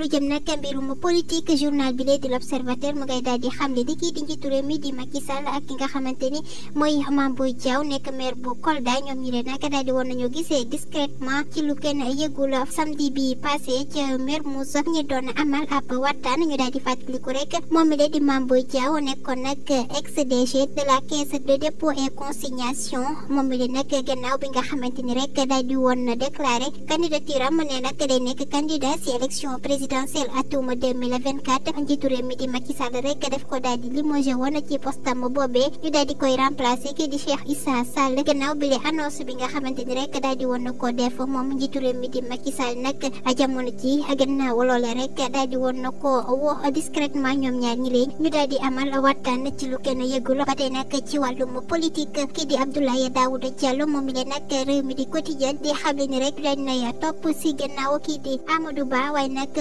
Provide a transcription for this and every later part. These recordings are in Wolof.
lu jëm nag mbirum politique journal bi lee di l'observateur mu ngay daal xamle di kii di njiitu réew mi di Macky Sall ak nga xamante ni mooy Mame Boye Diao nekk maire bu Kolda doon amal ab waxtaan ñu daal fàttaliku rek moom mi lee di Mame Boye Diao nekkoon nag ex-DG de la caisse de dépôt et consignation moom mi leen nag gannaaw bi nga xamante ni rek daal woon déclaré candidature am ne nag day nekk candidat si élection présidentielle présidentielle atuma 2024 njiitu réew mi di Macky Sall rek def ko daal di limogé woon ci postam boobee ñu daal di koy remplacer kii di Cheikh Issa Sall gannaaw bi lee annonce bi nga xamante ni rek daal di woon na ko def mi di Macky Sall nag jamono ji gannaaw loole rek daal di woon na ko ñoom ñaar ñi leen ñu daal di amal ci lu kenn yëgul ba tey nag ci wàllum politique kii kii di Amadou Ba waaye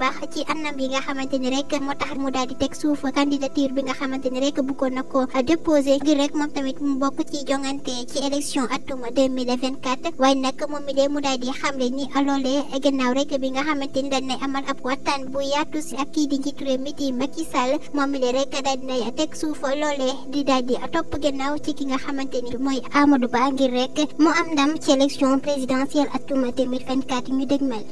baax ci anam yi nga xamante ni rek moo tax mu daal di teg suuf candidature bi nga xamante ni rek bëggoon na ko déposé ngir rek moom tamit mu bokk ci jongante ci élection atum 2024 waaye nag moom mi de mu daal di xamle ni loolee gannaaw rek bi nga xamante ni dañ nay amal ab waxtaan bu yaatu si ak kii di njiitu réew mi di Macky Sall moom mi de rek daal di nay teg suuf loolee di daal di topp gannaaw ci ki nga xamante ni mooy Amadou Ba ngir rek mu am ndam ci élection présidentielle atum 2024 ñu dégmal.